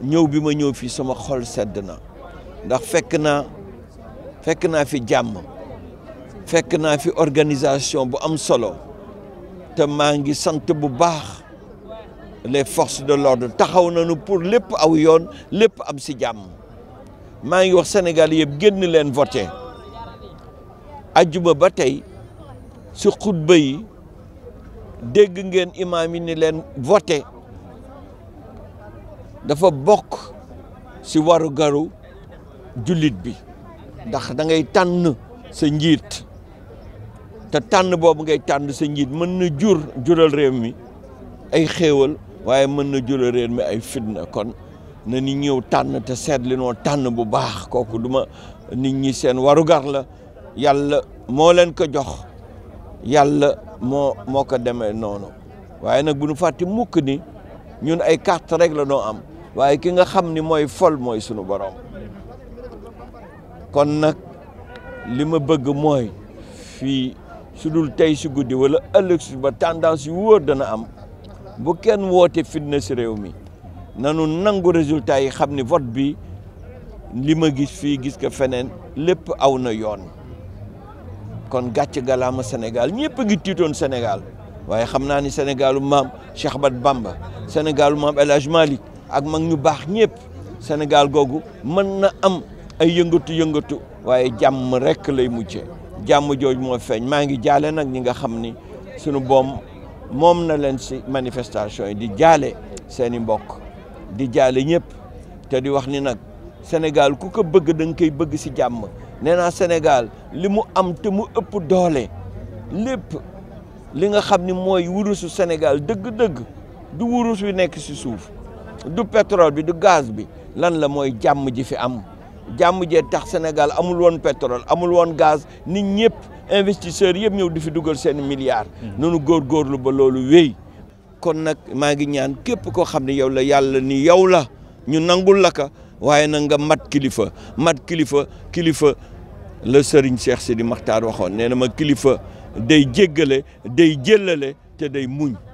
ñëw bi ma ñëw fii sama xol sedd na ndax fekk naa fekk naa fi jàmm fekk naa fi organisation bu am solo te maa ngi sant bu baax les forces de l'ordre taxaw nañu pour lépp aw yoon lépp am si jàmm maa ngi wax Sénégal yëpp génn leen voté ajjuma ba tey si xutba yi dégg ngeen imaam yi ni leen voté dafa bokk ci warugaru jullit bi ndax dangay tànn sa njiit te tànn boobu ngay tànn sa njiit mën na jur jural réew mi ay xéewal waaye mën na jural réew mi ay fitna kon na ni ñëw tànn te seet li noo tànn bu baax kooku duma ma nit ñi seen warugar la yàlla moo leen ko jox yàlla moo moo ko demee noonu waaye nag bu ñu fàtte mukk ni ñun ay carte rek la noo am waaye ki nga xam ni mooy fol mooy sunu borom kon nag li ma bëgg mooy fii su dul tey si guddi wala ëllëg si ba tendance yu wóor dana am bu kenn woote fitna si réew mi nanu nangu résultat yi xam ni vote bi li ma gis fii gis ko feneen lépp aw na yoon kon gàcc galaama senegal ñëpp a ngi tiitoon Sénégal waaye xam naa ni Sénégalu maam Cheikh Ahmad Bamba Sénégalu maam El Hadj Malick ak mag ñu baax ñëpp Sénégal googu mën na am ay yëngatu-yëngatu waaye jàmm rekk lay muccee jàmm jooju moo feeñ maa ngi jaale nag ñi nga xam ni sunu boom moom na leen si manifestation yi di jaale seen i mbokk di jaale ñëpp te di wax ni nag Sénégal ku ko bëgg da nga koy bëgg si jàmm nee naa Sénégal li mu am te mu ëpp doole lépp li nga xam ni mooy wurusu Sénégal dëgg-dëgg du wurus wi nekk si suuf du pétrole bi du gaz bi lan la mooy jàmm ji fi am jàmm jee tax senegal amul woon petrole amul woon gaz nit ñëpp investisseurs yëpp ñëw di fi dugal seen milliards. Hmm. góor góorlu ba loolu wéy. kon nag maa ngi ñaan képp koo xam ne yow la yàlla ni yow la ñu nangul la waaye nanga mat kilifa mat kilifa kilifa la sëriñ Cheikh Sidi Makhtar waxoon nee na ma kilifa day jéggale day jëllale te day muñ.